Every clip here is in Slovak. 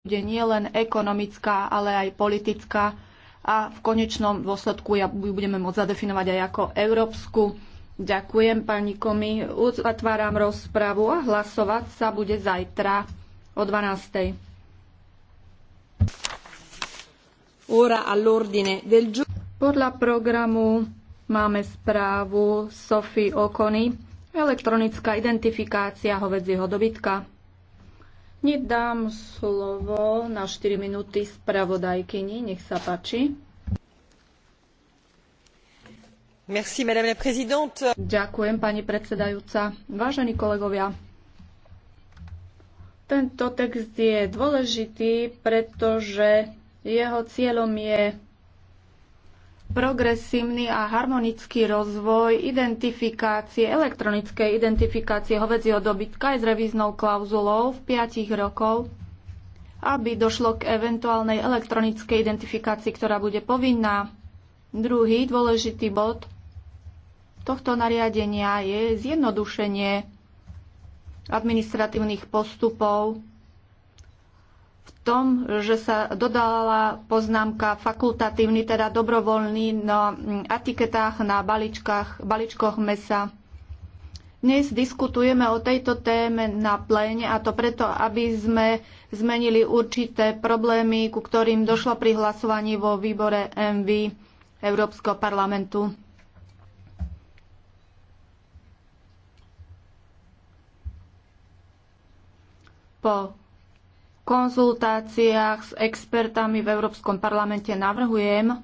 bude nielen ekonomická, ale aj politická a v konečnom dôsledku ja budeme môcť zadefinovať aj ako európsku. Ďakujem pani Komi, otváram rozpravu a hlasovať sa bude zajtra o 12. Ora all'ordine del Podľa programu máme správu Sofie Okony, elektronická identifikácia hovedzieho dobytka. Dám slovo na 4 minúty spravodajkyni. Nech sa páči. Merci, madame la présidente. Ďakujem, pani predsedajúca. Vážení kolegovia, tento text je dôležitý, pretože jeho cieľom je progresívny a harmonický rozvoj identifikácie, elektronickej identifikácie hovedzieho dobytka aj s revíznou klauzulou v 5 rokov, aby došlo k eventuálnej elektronickej identifikácii, ktorá bude povinná. Druhý dôležitý bod tohto nariadenia je zjednodušenie administratívnych postupov tom, že sa dodala poznámka fakultatívny, teda dobrovoľný na mm, etiketách, na baličkách, baličkoch mesa. Dnes diskutujeme o tejto téme na pléne a to preto, aby sme zmenili určité problémy, ku ktorým došlo pri hlasovaní vo výbore MV Európskeho parlamentu. Po konzultáciách s expertami v Európskom parlamente navrhujem,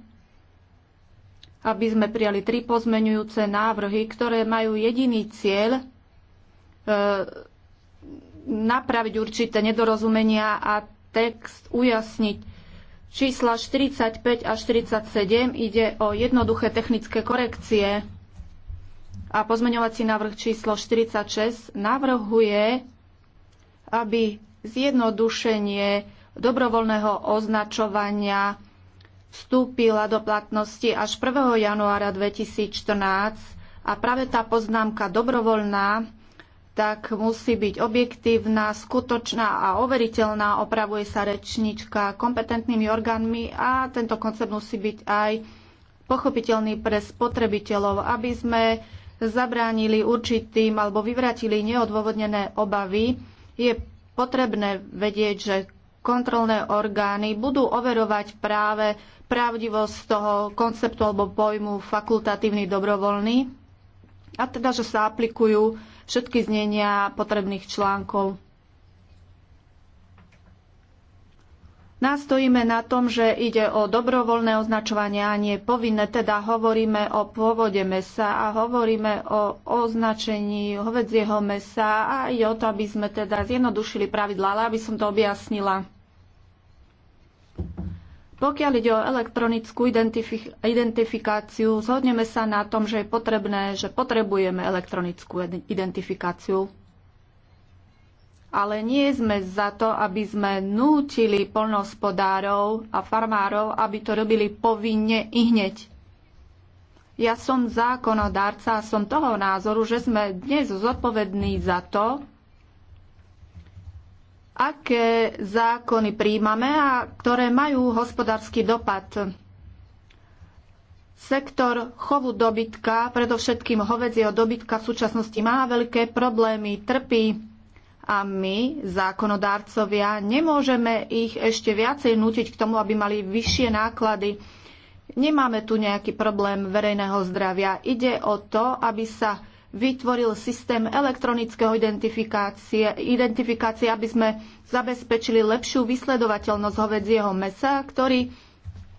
aby sme prijali tri pozmenujúce návrhy, ktoré majú jediný cieľ e, napraviť určité nedorozumenia a text ujasniť. Čísla 45 a 47 ide o jednoduché technické korekcie a pozmeňovací návrh číslo 46 navrhuje, aby zjednodušenie dobrovoľného označovania vstúpila do platnosti až 1. januára 2014 a práve tá poznámka dobrovoľná tak musí byť objektívna, skutočná a overiteľná. Opravuje sa rečnička kompetentnými orgánmi a tento koncept musí byť aj pochopiteľný pre spotrebiteľov, aby sme zabránili určitým alebo vyvratili neodôvodnené obavy. Je potrebné vedieť, že kontrolné orgány budú overovať práve pravdivosť toho konceptu alebo pojmu fakultatívny dobrovoľný a teda, že sa aplikujú všetky znenia potrebných článkov. Nastojíme na tom, že ide o dobrovoľné označovanie a nie povinné, teda hovoríme o pôvode mesa a hovoríme o označení hovedzieho mesa a ide o to, aby sme teda zjednodušili pravidlá, ale aby som to objasnila. Pokiaľ ide o elektronickú identifi- identifikáciu, zhodneme sa na tom, že je potrebné, že potrebujeme elektronickú identifikáciu ale nie sme za to, aby sme nútili polnohospodárov a farmárov, aby to robili povinne i hneď. Ja som zákonodárca a som toho názoru, že sme dnes zodpovední za to, aké zákony príjmame a ktoré majú hospodársky dopad. Sektor chovu dobytka, predovšetkým hovedzieho dobytka v súčasnosti má veľké problémy, trpí a my, zákonodárcovia, nemôžeme ich ešte viacej nútiť k tomu, aby mali vyššie náklady. Nemáme tu nejaký problém verejného zdravia. Ide o to, aby sa vytvoril systém elektronického identifikácie, identifikácie aby sme zabezpečili lepšiu vysledovateľnosť hovedzieho mesa, ktorý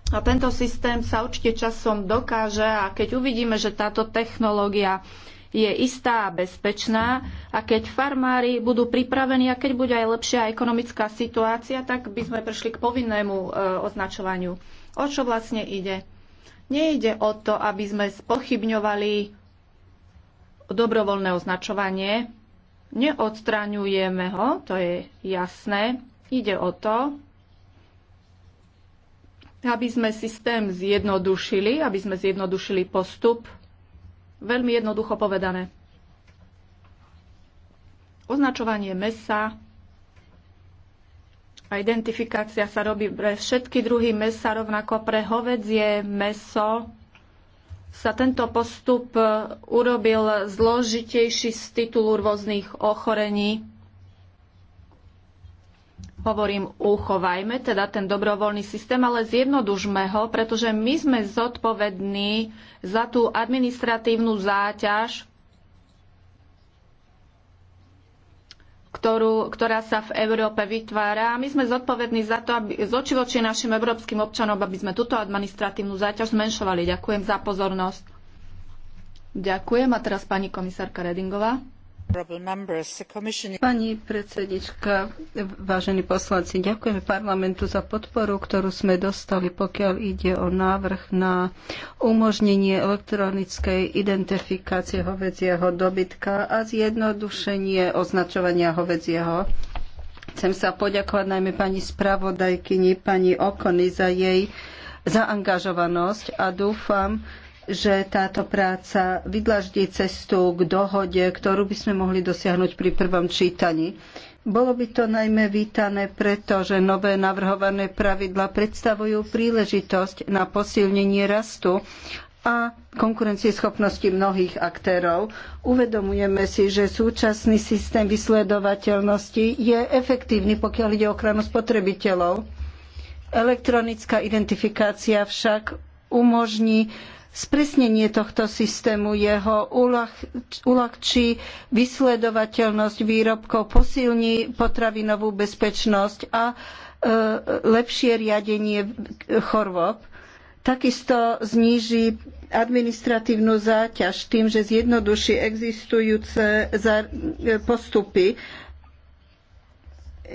a tento systém sa určite časom dokáže a keď uvidíme, že táto technológia je istá a bezpečná a keď farmári budú pripravení a keď bude aj lepšia ekonomická situácia, tak by sme prešli k povinnému e, označovaniu. O čo vlastne ide? Nejde o to, aby sme spochybňovali dobrovoľné označovanie. Neodstraňujeme ho, to je jasné. Ide o to, aby sme systém zjednodušili, aby sme zjednodušili postup Veľmi jednoducho povedané. Označovanie mesa a identifikácia sa robí pre všetky druhy mesa, rovnako pre hovedzie meso. Sa tento postup e, urobil zložitejší z titulu rôznych ochorení Hovorím, uchovajme teda ten dobrovoľný systém, ale zjednodužme ho, pretože my sme zodpovední za tú administratívnu záťaž, ktorú, ktorá sa v Európe vytvára. A my sme zodpovední za to, aby z oči voči našim európskym občanom, aby sme túto administratívnu záťaž zmenšovali. Ďakujem za pozornosť. Ďakujem. A teraz pani komisárka Redingová. Pani predsednička, vážení poslanci, ďakujeme parlamentu za podporu, ktorú sme dostali, pokiaľ ide o návrh na umožnenie elektronickej identifikácie hovedzieho dobytka a zjednodušenie označovania hovedzieho. Chcem sa poďakovať najmä pani spravodajkyni, pani Okony za jej zaangažovanosť a dúfam, že táto práca vydlaždí cestu k dohode, ktorú by sme mohli dosiahnuť pri prvom čítaní. Bolo by to najmä vítané preto, že nové navrhované pravidla predstavujú príležitosť na posilnenie rastu a konkurencieschopnosti mnohých aktérov. Uvedomujeme si, že súčasný systém vysledovateľnosti je efektívny, pokiaľ ide o ochranu spotrebiteľov. Elektronická identifikácia však umožní Spresnenie tohto systému jeho uľahčí vysledovateľnosť výrobkov, posilní potravinovú bezpečnosť a e, lepšie riadenie chorôb. Takisto zníži administratívnu záťaž tým, že zjednoduší existujúce e, postupy.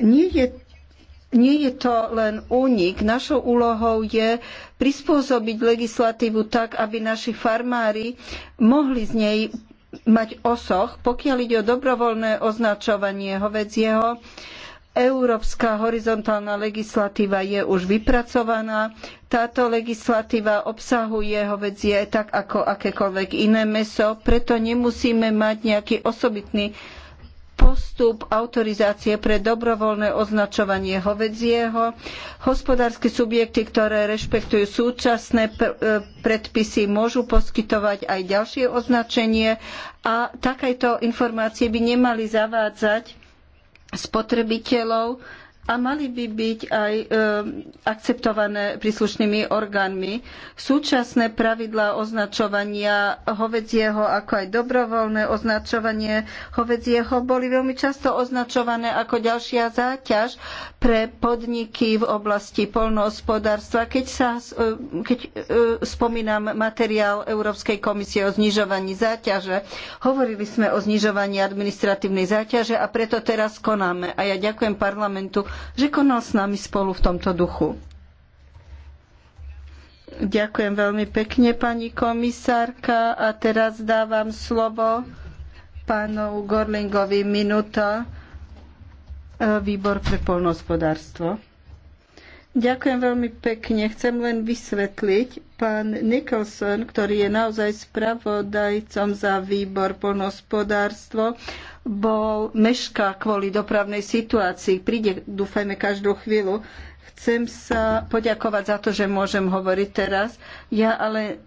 Nie je nie je to len únik. Našou úlohou je prispôsobiť legislatívu tak, aby naši farmári mohli z nej mať osoch, pokiaľ ide o dobrovoľné označovanie hovedzieho. Európska horizontálna legislatíva je už vypracovaná. Táto legislatíva obsahuje hovedzie tak ako akékoľvek iné mäso, preto nemusíme mať nejaký osobitný postup autorizácie pre dobrovoľné označovanie hovedzieho, hospodárske subjekty, ktoré rešpektujú súčasné e, predpisy, môžu poskytovať aj ďalšie označenie a takéto informácie by nemali zavádzať spotrebiteľov a mali by byť aj e, akceptované príslušnými orgánmi. Súčasné pravidlá označovania hovedzieho, ako aj dobrovoľné označovanie hovedzieho, boli veľmi často označované ako ďalšia záťaž pre podniky v oblasti poľnohospodárstva, keď, sa, eh, keď e, spomínam materiál Európskej komisie o znižovaní záťaže. Hovorili sme o znižovaní administratívnej záťaže a preto teraz konáme. A ja ďakujem parlamentu že konal s nami spolu v tomto duchu. Ďakujem veľmi pekne, pani komisárka. A teraz dávam slovo pánu Gorlingovi minúta. E, výbor pre polnohospodárstvo. Ďakujem veľmi pekne. Chcem len vysvetliť, pán Nicholson, ktorý je naozaj spravodajcom za výbor polnospodárstvo, bol meška kvôli dopravnej situácii. Príde, dúfajme, každú chvíľu. Chcem sa poďakovať za to, že môžem hovoriť teraz. Ja ale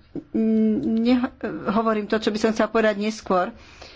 nehovorím to, čo by som chcela povedať neskôr. Uh,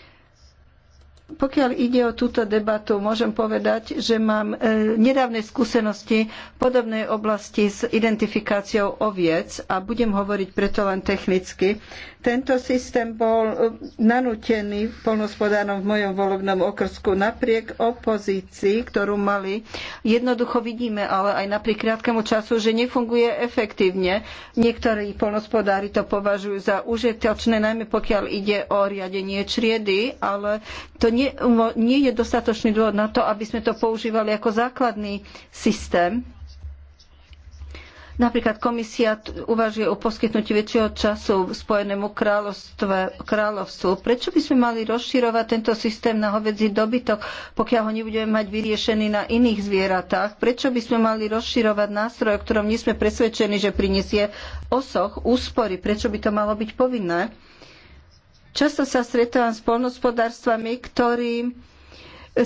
pokiaľ ide o túto debatu, môžem povedať, že mám e, nedávne skúsenosti v podobnej oblasti s identifikáciou oviec a budem hovoriť preto len technicky. Tento systém bol e, nanútený polnospodárom v mojom volebnom okrsku napriek opozícii, ktorú mali. Jednoducho vidíme ale aj napriek krátkemu času, že nefunguje efektívne. Niektorí polnospodári to považujú za užitočné, najmä pokiaľ ide o riadenie čriedy, ale to nie nie, nie je dostatočný dôvod na to, aby sme to používali ako základný systém. Napríklad komisia uvažuje o poskytnutí väčšieho času Spojenému kráľovstvu. Prečo by sme mali rozširovať tento systém na hovedzí dobytok, pokiaľ ho nebudeme mať vyriešený na iných zvieratách? Prečo by sme mali rozširovať nástroj, o ktorom nie sme presvedčení, že prinesie osoch, úspory? Prečo by to malo byť povinné? Často sa stretávam s polnospodárstvami, ktorí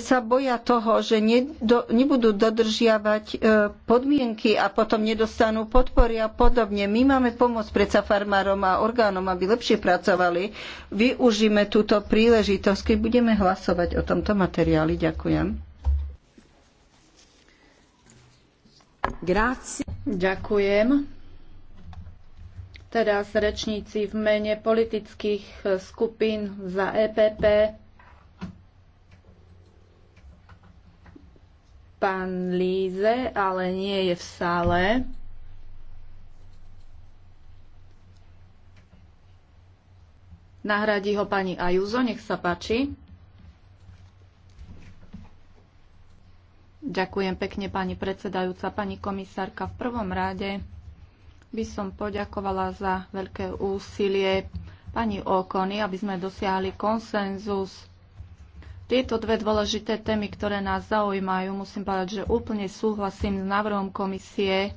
sa boja toho, že nedo, nebudú dodržiavať e, podmienky a potom nedostanú podpory a podobne. My máme pomôcť predsa farmárom a orgánom, aby lepšie pracovali. Využíme túto príležitosť, keď budeme hlasovať o tomto materiáli. Ďakujem. Grazie. Ďakujem. Teraz rečníci v mene politických e, skupín za EPP. Pán Líze, ale nie je v sále. Nahradí ho pani Ajuzo, nech sa páči. Ďakujem pekne, pani predsedajúca, pani komisárka. V prvom rade by som poďakovala za veľké úsilie pani Okony, aby sme dosiahli konsenzus. Tieto dve dôležité témy, ktoré nás zaujímajú, musím povedať, že úplne súhlasím s návrhom komisie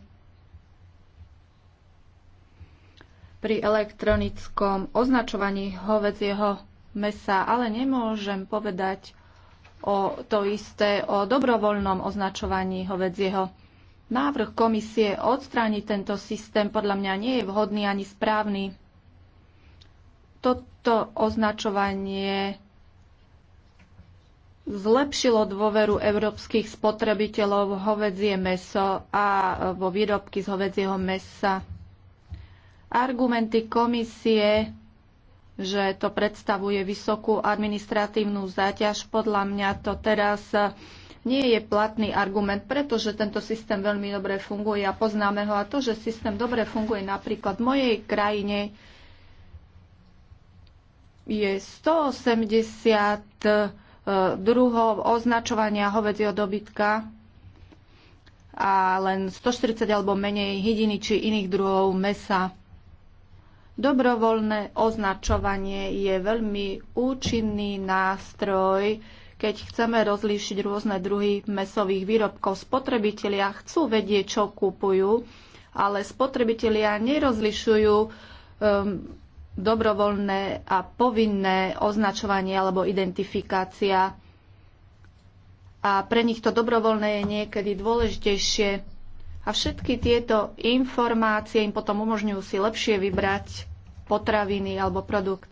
pri elektronickom označovaní hovedzieho mesa, ale nemôžem povedať o to isté o dobrovoľnom označovaní hovedzieho mesa Návrh komisie odstrániť tento systém podľa mňa nie je vhodný ani správny. Toto označovanie zlepšilo dôveru európskych spotrebiteľov v hovedzie meso a vo výrobky z hovedzieho mesa. Argumenty komisie, že to predstavuje vysokú administratívnu záťaž, podľa mňa to teraz nie je platný argument, pretože tento systém veľmi dobre funguje a poznáme ho. A to, že systém dobre funguje napríklad v mojej krajine, je 180 e, druhov označovania hovedzieho dobytka a len 140 alebo menej hydiny či iných druhov mesa. Dobrovoľné označovanie je veľmi účinný nástroj, keď chceme rozlíšiť rôzne druhy mesových výrobkov. Spotrebitelia chcú vedieť, čo kupujú, ale spotrebitelia nerozlišujú um, dobrovoľné a povinné označovanie alebo identifikácia. A pre nich to dobrovoľné je niekedy dôležitejšie. A všetky tieto informácie im potom umožňujú si lepšie vybrať potraviny alebo produkt.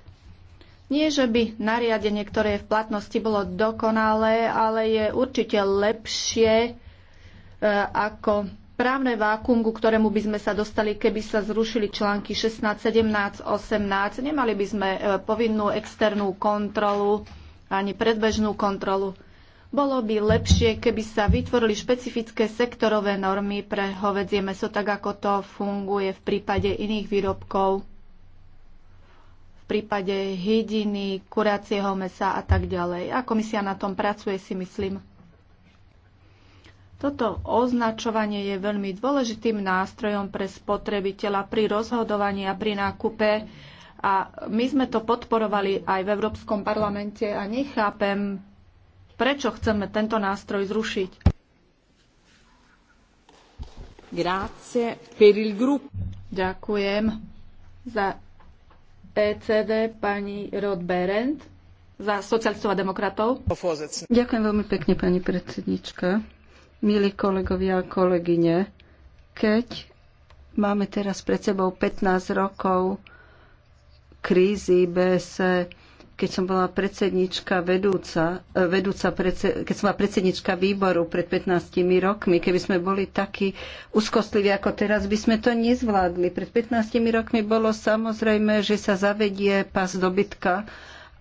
Nie, že by nariadenie, ktoré je v platnosti, bolo dokonalé, ale je určite lepšie e, ako právne vákum, ku ktorému by sme sa dostali, keby sa zrušili články 16, 17, 18. Nemali by sme e, povinnú externú kontrolu ani predbežnú kontrolu. Bolo by lepšie, keby sa vytvorili špecifické sektorové normy pre hovedzie meso, tak ako to funguje v prípade iných výrobkov v prípade hydiny, kuracieho mesa a tak ďalej. A komisia na tom pracuje, si myslím. Toto označovanie je veľmi dôležitým nástrojom pre spotrebiteľa pri rozhodovaní a pri nákupe. A my sme to podporovali aj v Európskom parlamente a nechápem, prečo chceme tento nástroj zrušiť. Grazie per il gruppo. Ďakujem za ECD pani Rod Berend za socialistov a demokratov. Ďakujem veľmi pekne, pani predsednička. Milí kolegovia a kolegyne, keď máme teraz pred sebou 15 rokov krízy BSE, keď som bola predsednička vedúca, e, vedúca predse, keď som bola predsednička výboru pred 15 rokmi, keby sme boli takí úzkostliví ako teraz, by sme to nezvládli. Pred 15 rokmi bolo samozrejme, že sa zavedie pás dobytka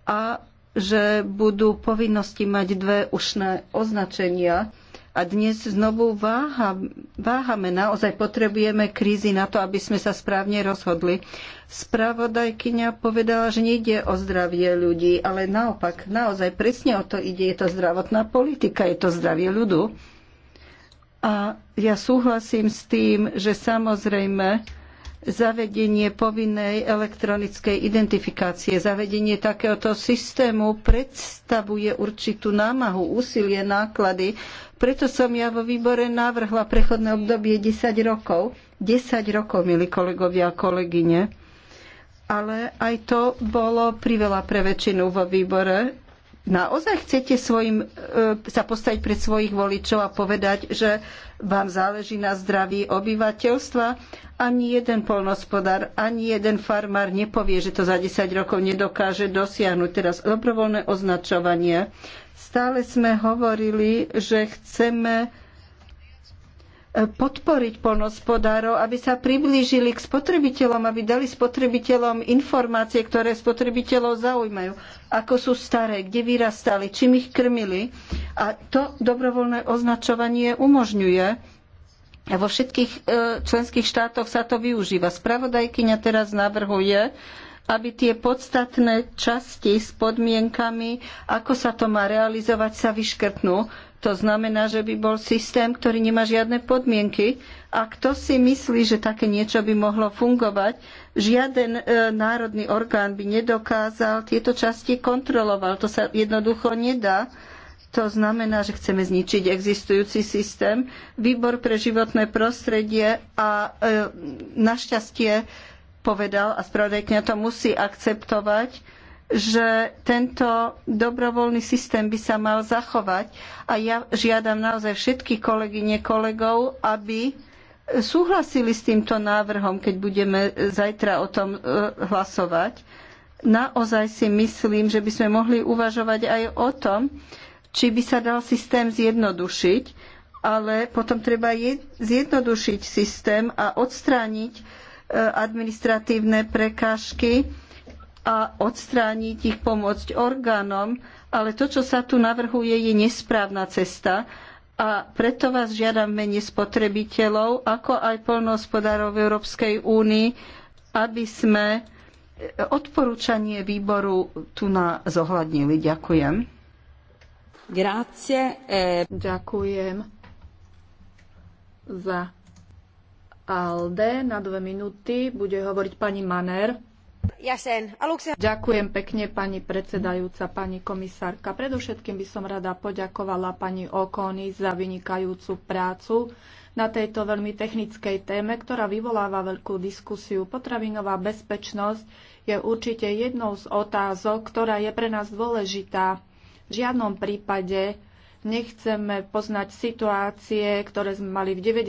a že budú povinnosti mať dve ušné označenia a dnes znovu váha, váhame, naozaj potrebujeme krízy na to, aby sme sa správne rozhodli. Spravodajkyňa povedala, že nejde o zdravie ľudí, ale naopak, naozaj presne o to ide. Je to zdravotná politika, je to zdravie ľudu. A ja súhlasím s tým, že samozrejme zavedenie povinnej elektronickej identifikácie, zavedenie takéhoto systému predstavuje určitú námahu, úsilie, náklady, preto som ja vo výbore navrhla prechodné obdobie 10 rokov. 10 rokov, milí kolegovia a kolegyne. Ale aj to bolo priveľa pre väčšinu vo výbore. Naozaj chcete svojim, e, sa postaviť pred svojich voličov a povedať, že vám záleží na zdraví obyvateľstva? Ani jeden polnospodár, ani jeden farmár nepovie, že to za 10 rokov nedokáže dosiahnuť. Teraz dobrovoľné označovanie Stále sme hovorili, že chceme eh, podporiť polnospodárov, aby sa priblížili k spotrebiteľom, aby dali spotrebiteľom informácie, ktoré spotrebiteľov zaujímajú. Ako sú staré, kde vyrastali, čím ich krmili. A to dobrovoľné označovanie umožňuje. A vo všetkých eh, členských štátoch sa to využíva. Spravodajkyňa teraz navrhuje, aby tie podstatné časti s podmienkami, ako sa to má realizovať, sa vyškrtnú. To znamená, že by bol systém, ktorý nemá žiadne podmienky. A kto si myslí, že také niečo by mohlo fungovať, žiaden e, národný orgán by nedokázal tieto časti kontroloval. To sa jednoducho nedá. To znamená, že chceme zničiť existujúci systém. Výbor pre životné prostredie a e, našťastie povedal a spravodajkňa to musí akceptovať, že tento dobrovoľný systém by sa mal zachovať a ja žiadam naozaj všetky kolegyne kolegov, aby súhlasili s týmto návrhom, keď budeme zajtra o tom e, hlasovať. Naozaj si myslím, že by sme mohli uvažovať aj o tom, či by sa dal systém zjednodušiť, ale potom treba zjednodušiť systém a odstrániť administratívne prekážky a odstrániť ich pomôcť orgánom, ale to, čo sa tu navrhuje, je nesprávna cesta a preto vás žiadam v mene spotrebiteľov, ako aj poľnohospodárov v Európskej únii, aby sme odporúčanie výboru tu na zohľadnili. Ďakujem. Grazie. Eh. Ďakujem za ALDE. Na dve minúty bude hovoriť pani Maner. Ďakujem pekne, pani predsedajúca, pani komisárka. Predovšetkým by som rada poďakovala pani Okony za vynikajúcu prácu na tejto veľmi technickej téme, ktorá vyvoláva veľkú diskusiu. Potravinová bezpečnosť je určite jednou z otázok, ktorá je pre nás dôležitá. V žiadnom prípade nechceme poznať situácie, ktoré sme mali v 90.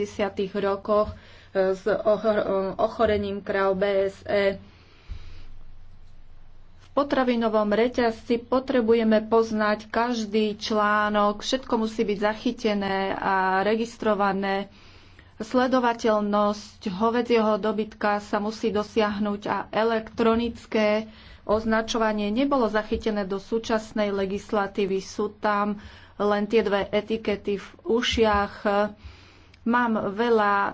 rokoch, s um, ochorením kráv BSE. V potravinovom reťazci potrebujeme poznať každý článok, všetko musí byť zachytené a registrované. Sledovateľnosť hovedzieho dobytka sa musí dosiahnuť a elektronické označovanie nebolo zachytené do súčasnej legislatívy. Sú tam len tie dve etikety v ušiach Mám veľa e,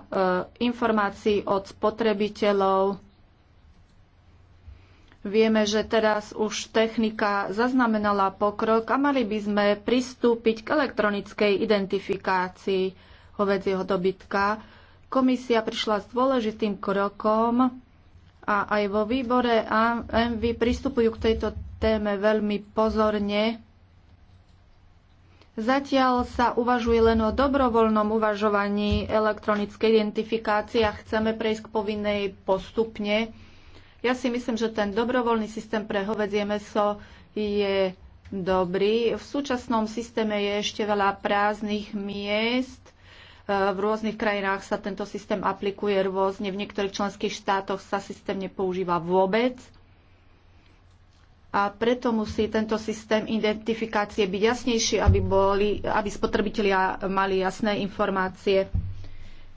informácií od spotrebiteľov. Vieme, že teraz už technika zaznamenala pokrok a mali by sme pristúpiť k elektronickej identifikácii hovedzieho dobytka. Komisia prišla s dôležitým krokom a aj vo výbore AMV pristupujú k tejto téme veľmi pozorne Zatiaľ sa uvažuje len o dobrovoľnom uvažovaní elektronickej identifikácie a chceme prejsť k povinnej postupne. Ja si myslím, že ten dobrovoľný systém pre hovedzie meso je dobrý. V súčasnom systéme je ešte veľa prázdnych miest. E, v rôznych krajinách sa tento systém aplikuje rôzne. V niektorých členských štátoch sa systém nepoužíva vôbec a preto musí tento systém identifikácie byť jasnejší, aby, boli, aby spotrebitelia mali jasné informácie.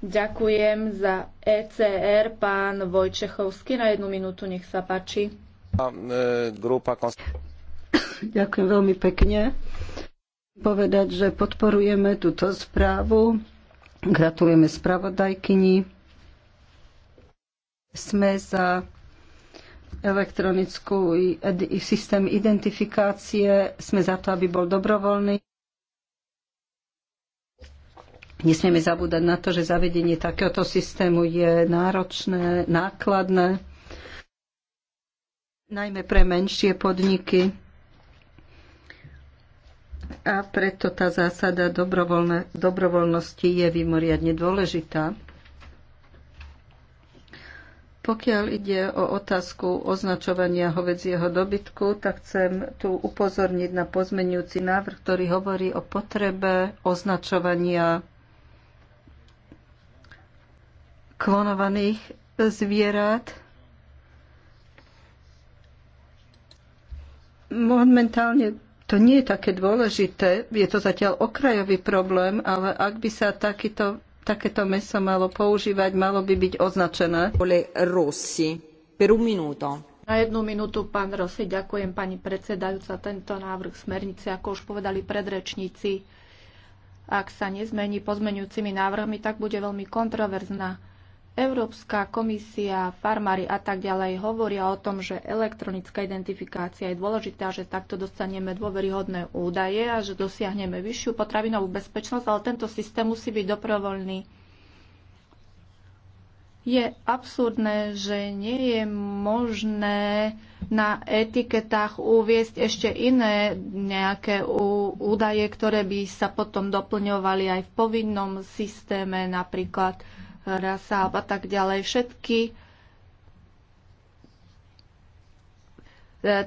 Ďakujem za ECR, pán Vojčechovský. Na jednu minútu, nech sa páči. Ďakujem veľmi pekne. Povedať, že podporujeme túto správu. Gratulujeme spravodajkyni. Sme za elektronickú systém identifikácie. Sme za to, aby bol dobrovoľný. Nesmieme zabúdať na to, že zavedenie takéhoto systému je náročné, nákladné, najmä pre menšie podniky. A preto tá zásada dobrovoľnosti je vymoriadne dôležitá. Pokiaľ ide o otázku označovania hovedzieho dobytku, tak chcem tu upozorniť na pozmenujúci návrh, ktorý hovorí o potrebe označovania klonovaných zvierat. Momentálne to nie je také dôležité, je to zatiaľ okrajový problém, ale ak by sa takýto takéto meso malo používať, malo by byť označené. Rossi, per un minuto. Na jednu minútu, pán Rossi, ďakujem pani predsedajúca. Tento návrh smernice, ako už povedali predrečníci, ak sa nezmení pozmeňujúcimi návrhmi, tak bude veľmi kontroverzná. Európska komisia, farmári a tak ďalej hovoria o tom, že elektronická identifikácia je dôležitá, že takto dostaneme dôveryhodné údaje a že dosiahneme vyššiu potravinovú bezpečnosť, ale tento systém musí byť dobrovoľný. Je absurdné, že nie je možné na etiketách uviesť ešte iné nejaké údaje, ktoré by sa potom doplňovali aj v povinnom systéme, napríklad Rasáb a tak ďalej. Všetky e,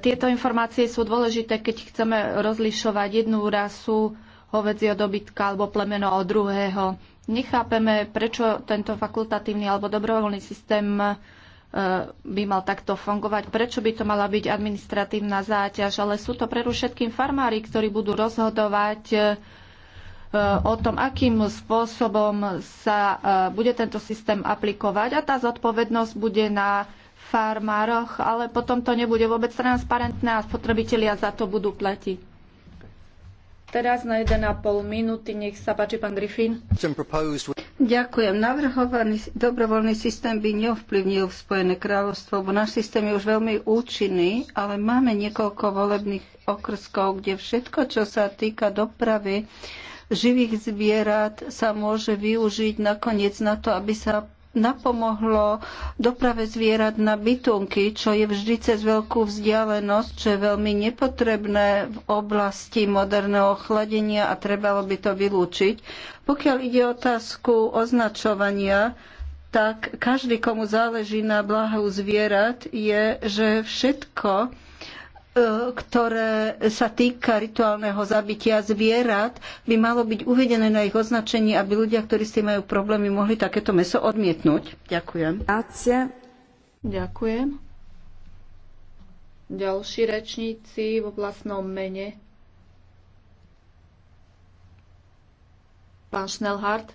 tieto informácie sú dôležité, keď chceme rozlišovať jednu rasu hovedzie dobytka alebo plemeno od druhého. Nechápeme, prečo tento fakultatívny alebo dobrovoľný systém e, by mal takto fungovať, prečo by to mala byť administratívna záťaž, ale sú to všetkým farmári, ktorí budú rozhodovať e, Eh, o tom, akým spôsobom sa eh, bude tento systém aplikovať a tá zodpovednosť bude na farmároch, ale potom to nebude vôbec transparentné a spotrebitelia za to budú platiť. Teraz na 1,5 minúty, nech sa páči pán Griffin. Ďakujem. Navrhovaný dobrovoľný systém by neovplyvnil v Spojené kráľovstvo, bo náš systém je už veľmi účinný, ale máme niekoľko volebných okrskov, kde všetko, čo sa týka dopravy, živých zvierat sa môže využiť nakoniec na to, aby sa napomohlo doprave zvierat na bytunky, čo je vždy cez veľkú vzdialenosť, čo je veľmi nepotrebné v oblasti moderného chladenia a trebalo by to vylúčiť. Pokiaľ ide o otázku označovania, tak každý, komu záleží na blahu zvierat, je, že všetko, E, ktoré sa týka rituálneho zabitia zvierat, by malo byť uvedené na ich označení, aby ľudia, ktorí s tým majú problémy, mohli takéto meso odmietnúť. Ďakujem. Ďakujem. Ďalší rečníci vo vlastnom mene. Pán Schnellhardt.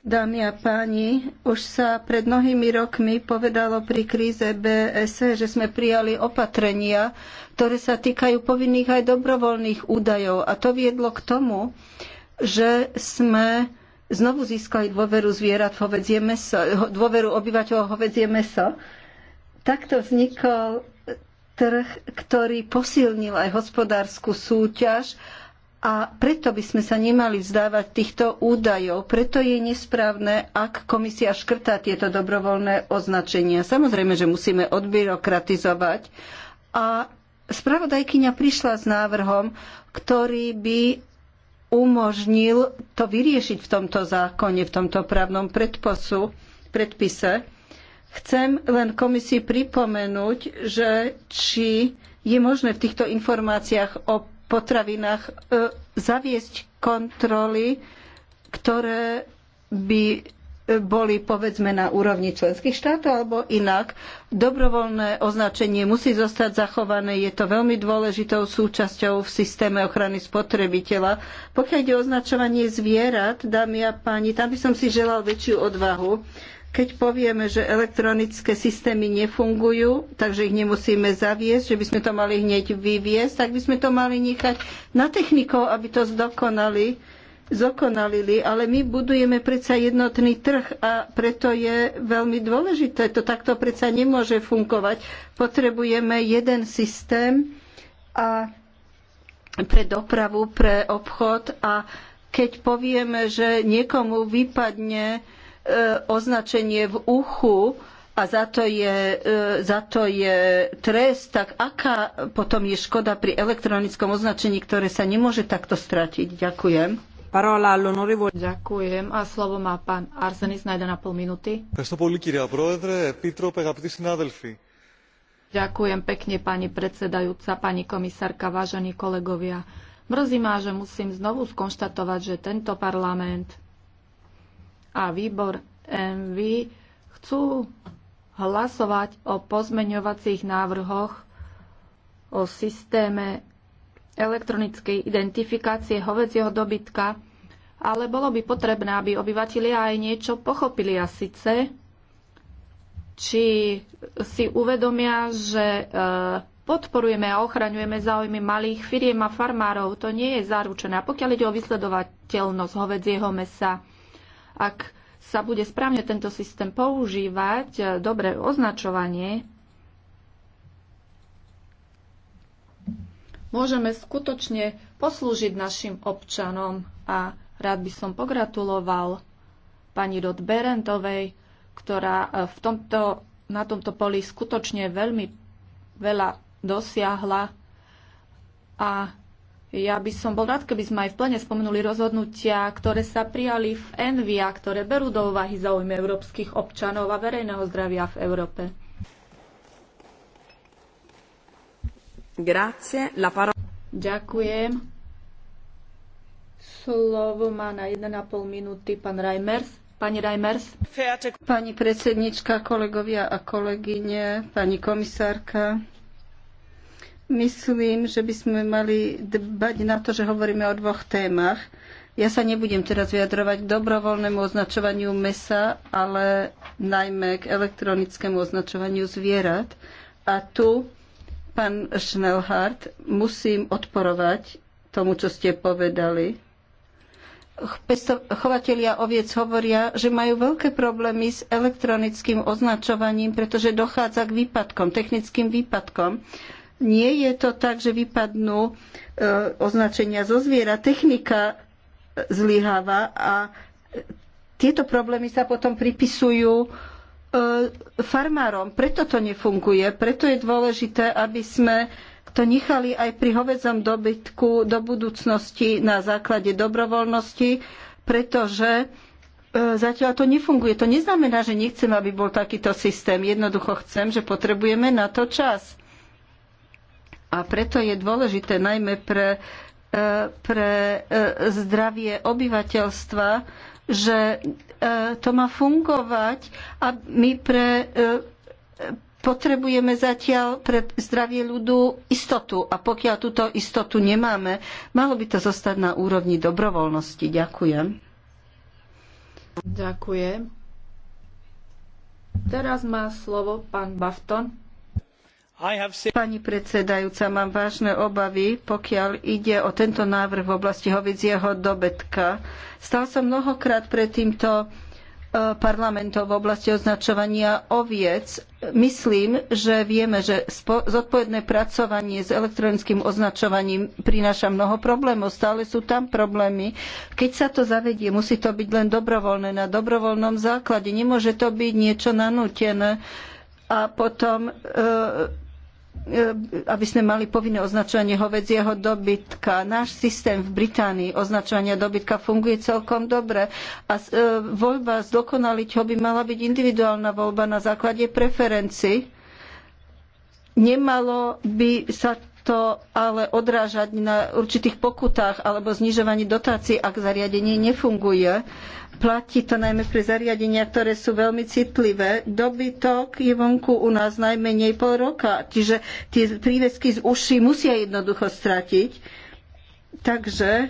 Dámy a páni, už sa pred mnohými rokmi povedalo pri kríze BSE, že sme prijali opatrenia, ktoré sa týkajú povinných aj dobrovoľných údajov. A to viedlo k tomu, že sme znovu získali dôveru zvierat v hovedzie meso, dôveru obyvateľov hovedzie meso. Takto vznikol trh, ktorý posilnil aj hospodárskú súťaž a preto by sme sa nemali vzdávať týchto údajov. Preto je nesprávne, ak komisia škrtá tieto dobrovoľné označenia. Samozrejme, že musíme odbyrokratizovať. A spravodajkyňa prišla s návrhom, ktorý by umožnil to vyriešiť v tomto zákone, v tomto právnom predposu, predpise. Chcem len komisii pripomenúť, že či je možné v týchto informáciách o potravinách e, zaviesť kontroly, ktoré by e, boli povedzme na úrovni členských štátov alebo inak. Dobrovoľné označenie musí zostať zachované, je to veľmi dôležitou súčasťou v systéme ochrany spotrebiteľa. Pokiaľ ide o označovanie zvierat, dámy a páni, tam by som si želal väčšiu odvahu. Keď povieme, že elektronické systémy nefungujú, takže ich nemusíme zaviesť, že by sme to mali hneď vyviesť, tak by sme to mali nechať na technikov, aby to zdokonali, zokonalili. Ale my budujeme predsa jednotný trh a preto je veľmi dôležité. To takto predsa nemôže fungovať. Potrebujeme jeden systém a pre dopravu, pre obchod a keď povieme, že niekomu vypadne E, označenie v uchu a za to, je, e, za to je trest, tak aká potom je škoda pri elektronickom označení, ktoré sa nemôže takto stratiť? Ďakujem. Parola all'onorevole. Ďakujem. A slovo má pán Arsenis na pol minúty. Ďakujem pekne, pani predsedajúca, pani komisárka, vážení kolegovia. Mrzí ma, že musím znovu skonštatovať, že tento parlament a výbor MV chcú hlasovať o pozmeňovacích návrhoch o systéme elektronickej identifikácie hovedzieho dobytka, ale bolo by potrebné, aby obyvatelia aj niečo pochopili a síce, či si uvedomia, že e, podporujeme a ochraňujeme záujmy malých firiem a farmárov. To nie je zaručené. A pokiaľ ide o vysledovateľnosť hovedzieho mesa, ak sa bude správne tento systém používať, e, dobre označovanie, môžeme skutočne poslúžiť našim občanom a rád by som pogratuloval pani Rod Berentovej, ktorá e, v tomto, na tomto poli skutočne veľmi veľa dosiahla a ja by som bol rád, keby sme aj v plene spomenuli rozhodnutia, ktoré sa prijali v Envia, ktoré berú do úvahy záujmy európskych občanov a verejného zdravia v Európe. Grazie. La paro- Ďakujem. Slovo má na 1,5 minúty pán Reimers. Pani Reimers. Pani predsednička, kolegovia a kolegyne, pani komisárka. Myslím, že by sme mali dbať na to, že hovoríme o dvoch témach. Ja sa nebudem teraz vyjadrovať k dobrovoľnému označovaniu mesa, ale najmä k elektronickému označovaniu zvierat. A tu, pán Schnellhardt, musím odporovať tomu, čo ste povedali. Chovatelia oviec hovoria, že majú veľké problémy s elektronickým označovaním, pretože dochádza k výpadkom, technickým výpadkom. Nie je to tak, že vypadnú e, označenia zo zviera. Technika e, zlyháva a e, tieto problémy sa potom pripisujú farmárom. Preto to nefunguje. Preto je dôležité, aby sme to nechali aj pri hovedzom dobytku do budúcnosti na základe dobrovoľnosti, pretože zatiaľ to nefunguje. To neznamená, že nechcem, aby bol takýto systém. Jednoducho chcem, že potrebujeme na to čas. A preto je dôležité najmä pre, e, pre e, zdravie obyvateľstva, že e, to má fungovať a my pre, potrebujeme zatiaľ pre zdravie ľudu istotu. A pokiaľ túto istotu nemáme, malo by to zostať na úrovni dobrovoľnosti. Ďakujem. Ďakujem. Teraz má slovo pán Bafton. Pani predsedajúca, mám vážne obavy, pokiaľ ide o tento návrh v oblasti hovidzieho dobytka. Stal som mnohokrát pred týmto e, parlamentov v oblasti označovania oviec. Myslím, že vieme, že zodpovedné pracovanie s elektronickým označovaním prináša mnoho problémov. Stále sú tam problémy. Keď sa to zavedie, musí to byť len dobrovoľné, na dobrovoľnom základe. Nemôže to byť niečo nanútené a potom e, E, aby sme mali povinné označovanie hovedzieho dobytka. Náš systém v Británii označovania dobytka funguje celkom dobre a e, voľba zdokonaliť ho by mala byť individuálna voľba na základe preferencií. Nemalo by sa to ale odrážať na určitých pokutách alebo znižovaní dotácií, ak zariadenie nefunguje. Uh, Platí to najmä pre zariadenia, ktoré sú veľmi citlivé. Dobytok je vonku u nás najmenej pol roka, čiže tie prívesky z uší musia jednoducho stratiť. Takže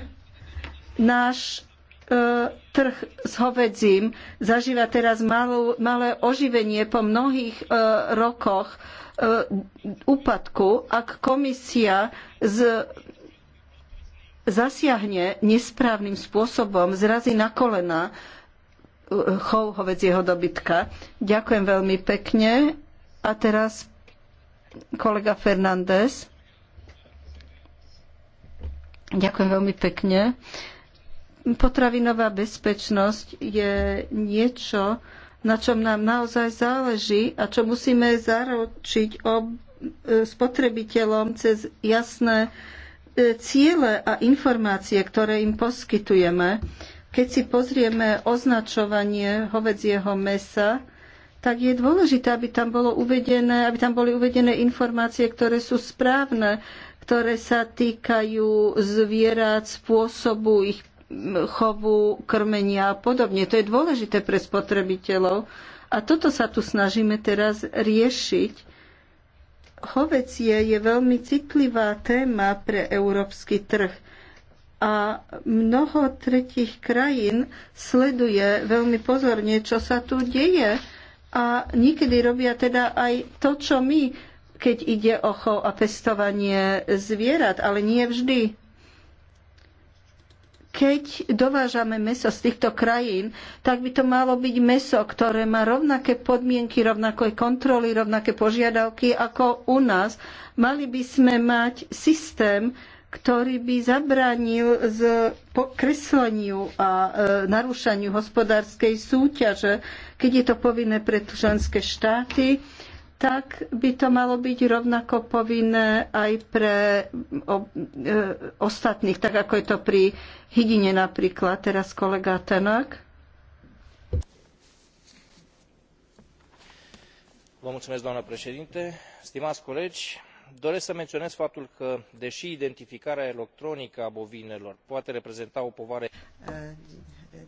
náš e, trh s hovedzím zažíva teraz malú, malé oživenie po mnohých e, rokoch e, úpadku. Ak komisia z zasiahne nesprávnym spôsobom, zrazí na kolena uh, chov hovedzieho dobytka. Ďakujem veľmi pekne. A teraz kolega Fernández. Ďakujem veľmi pekne. Potravinová bezpečnosť je niečo, na čom nám naozaj záleží a čo musíme zaručiť e, spotrebiteľom cez jasné E, ciele a informácie, ktoré im poskytujeme, keď si pozrieme označovanie hovedzieho mesa, tak je dôležité, aby tam, bolo uvedené, aby tam boli uvedené informácie, ktoré sú správne, ktoré sa týkajú zvierat, spôsobu ich chovu, krmenia a podobne. To je dôležité pre spotrebiteľov. A toto sa tu snažíme teraz riešiť Chovecie je veľmi citlivá téma pre európsky trh a mnoho tretich krajín sleduje veľmi pozorne, čo sa tu deje a niekedy robia teda aj to, čo my, keď ide o chov a pestovanie zvierat, ale nie vždy keď dovážame meso z týchto krajín, tak by to malo byť meso, ktoré má rovnaké podmienky, rovnaké kontroly, rovnaké požiadavky ako u nás. Mali by sme mať systém, ktorý by zabránil z kresleniu a e, narúšaniu hospodárskej súťaže, keď je to povinné pre členské štáty tak by to malo byť rovnako povinné aj pre o, e, ostatných, tak ako je to pri Hydine napríklad, teraz kolega Tenak. Vă mulțumesc, doamnă președinte. Stimați colegi, doresc să menționez faptul că, deși identificarea electronică a bovinelor poate reprezenta o povară... E, e,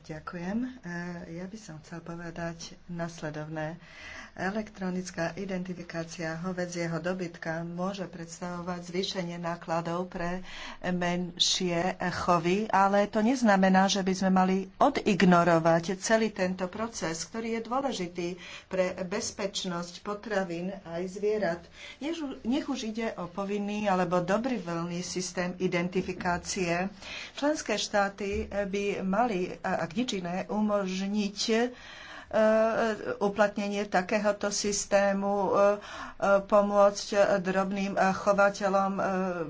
ďakujem. E, ja by som chcel povedať nasledovné Elektronická identifikácia hovedzieho dobytka môže predstavovať zvýšenie nákladov pre menšie chovy, ale to neznamená, že by sme mali odignorovať celý tento proces, ktorý je dôležitý pre bezpečnosť potravín aj zvierat. Nech už ide o povinný alebo dobrovoľný systém identifikácie. Členské štáty by mali, ak nič iné, umožniť E, uplatnenie takéhoto systému e, e, pomôcť drobným chovateľom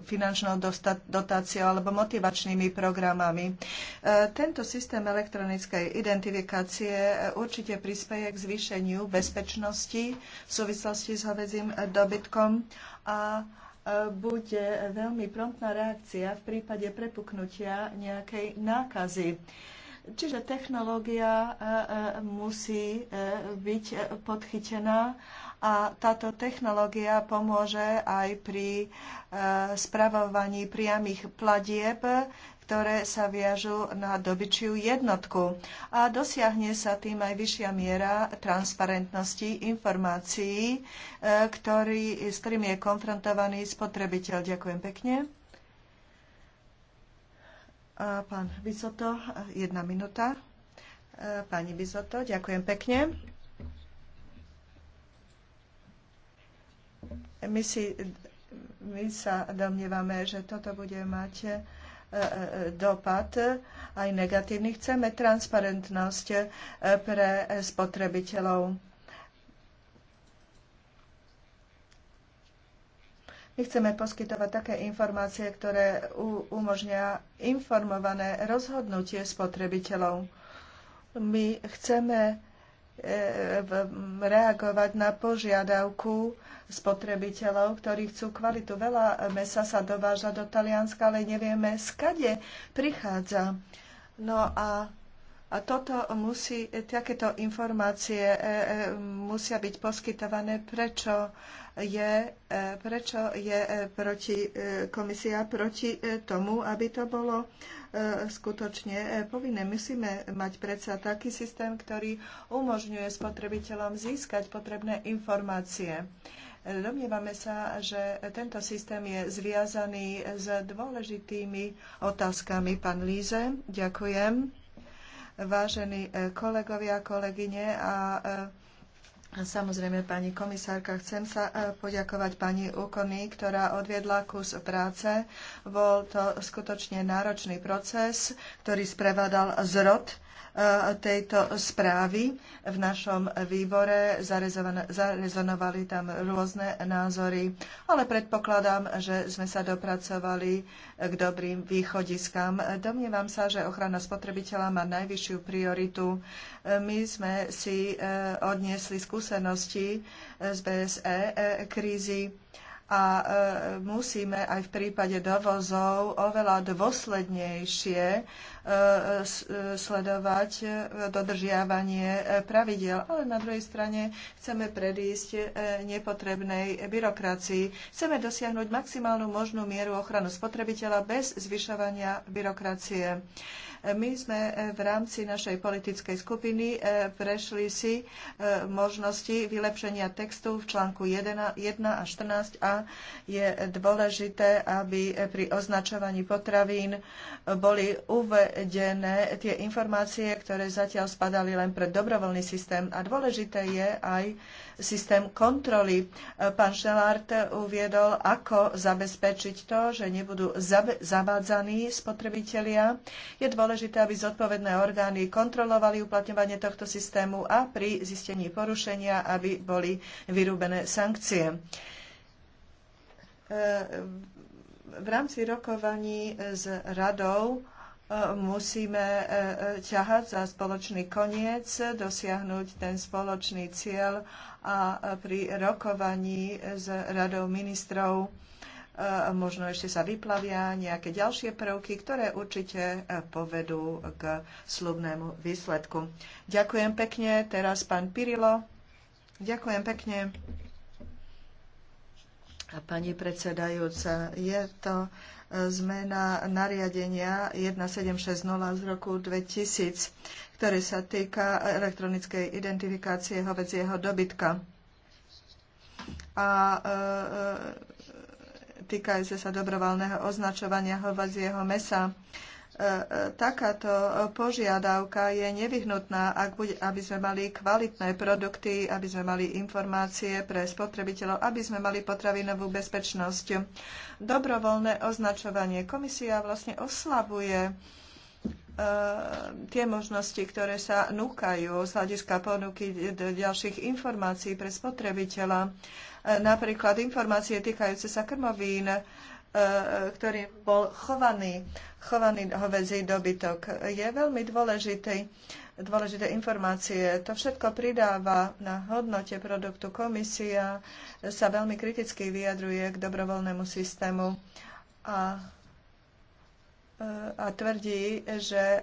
finančnou dotáciou alebo motivačnými programami. Tento systém elektronickej identifikácie určite prispieje k zvýšeniu bezpečnosti v súvislosti s hovedzím dobytkom a bude veľmi promptná reakcia v prípade prepuknutia nejakej nákazy Čiže technológia e, e, musí e, byť podchytená a táto technológia pomôže aj pri spravovaní priamých platieb, ktoré sa viažú na dobyčiu jednotku. A dosiahne sa tým aj vyššia miera transparentnosti informácií, ktorý, s ktorým je konfrontovaný spotrebiteľ. Ďakujem pekne. Pán Bisoto, jedna minúta. E, pani Bisoto, ďakujem pekne. My, si, my sa domnievame, že toto bude mať e, e, dopad aj negatívny. Chceme transparentnosť pre spotrebiteľov My chceme poskytovať také informácie, ktoré umožňa informované rozhodnutie spotrebiteľov. My chceme e, reagovať na požiadavku spotrebiteľov, ktorí chcú kvalitu. Veľa mesa sa dováža do Talianska, ale nevieme, skade prichádza. No a a toto musí, takéto informácie e, e, musia byť poskytované, prečo je, e, prečo je proti, komisia proti tomu, aby to bolo skutočne povinné. Musíme mať predsa taký systém, ktorý umožňuje spotrebiteľom získať potrebné informácie. Domnievame sa, že tento systém je zviazaný s dôležitými otázkami. Pán Líze, ďakujem vážení e, kolegovia, kolegyne a e, Samozrejme, pani komisárka, chcem sa e, poďakovať pani Ukony, ktorá odviedla kus práce. Bol to skutočne náročný proces, ktorý sprevádal zrod E, tejto správy v našom výbore. Zarezonovali tam rôzne názory, ale predpokladám, že sme sa dopracovali k dobrým východiskám. Domnievam sa, že ochrana spotrebiteľa má najvyššiu prioritu. My sme si e, odniesli skúsenosti z BSE e, krízy a e, musíme aj v prípade dovozov oveľa dôslednejšie e, e, sledovať dodržiavanie pravidel. Ale na druhej strane chceme predísť nepotrebnej byrokracii. Chceme dosiahnuť maximálnu možnú mieru ochranu spotrebiteľa bez zvyšovania byrokracie. My sme eh, v rámci našej politickej skupiny eh, prešli si eh, možnosti vylepšenia textu v článku 1, a 14 a je dôležité, aby pri označovaní potravín boli uvedené tie informácie, ktoré zatiaľ spadali len pre dobrovoľný systém. A dôležité je aj systém kontroly. Pán Šelárt uviedol, ako zabezpečiť to, že nebudú zavádzaní spotrebitelia. Je dôležité, dôležité, aby zodpovedné orgány kontrolovali uplatňovanie tohto systému a pri zistení porušenia, aby boli vyrúbené sankcie. E, v rámci rokovaní s radou e, musíme e, ťahať za spoločný koniec, dosiahnuť ten spoločný cieľ a pri rokovaní s radou ministrov možno ešte sa vyplavia nejaké ďalšie prvky, ktoré určite e, povedú k slubnému výsledku. Ďakujem pekne. Teraz pán Pirilo. Ďakujem pekne. A pani predsedajúca, je to e, zmena nariadenia 1760 z roku 2000, ktoré sa týka elektronickej identifikácie hovedzieho dobytka. A e, e týkajúce sa dobrovoľného označovania hovazieho mesa. E, e, takáto požiadavka je nevyhnutná, ak buď, aby sme mali kvalitné produkty, aby sme mali informácie pre spotrebiteľov, aby sme mali potravinovú bezpečnosť. Dobrovoľné označovanie. Komisia vlastne oslabuje Ehm, tie možnosti, ktoré sa núkajú z hľadiska ponuky ďalších informácií pre spotrebiteľa. E, napríklad informácie týkajúce sa krmovín, e, ktorý bol chovaný, chovaný hovedzí dobytok. Je veľmi dôležitý, dôležité informácie. To všetko pridáva na hodnote produktu. Komisia sa veľmi kriticky vyjadruje k dobrovoľnému systému a a tvrdí, že e,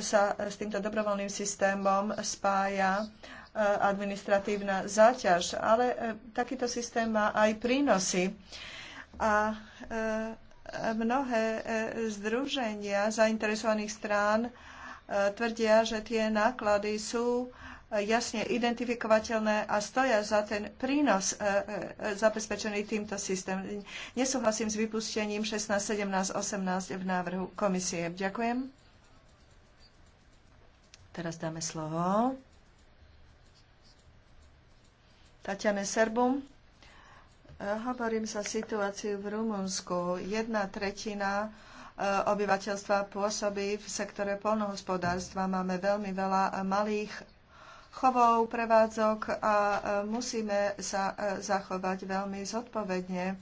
sa s týmto dobrovoľným systémom spája e, administratívna záťaž. Ale e, takýto systém má aj prínosy. A mnohé združenia zainteresovaných strán tvrdia, že tie náklady sú jasne identifikovateľné a stoja za ten prínos e, e, zabezpečený týmto systémom. Nesúhlasím s vypustením 16, 17, 18 v návrhu komisie. Ďakujem. Teraz dáme slovo Tatiane Serbum. E, hovorím sa situáciu v Rumunsku. Jedna tretina obyvateľstva pôsobí v sektore polnohospodárstva. Máme veľmi veľa malých chovov, prevádzok a musíme sa e, zachovať veľmi zodpovedne e,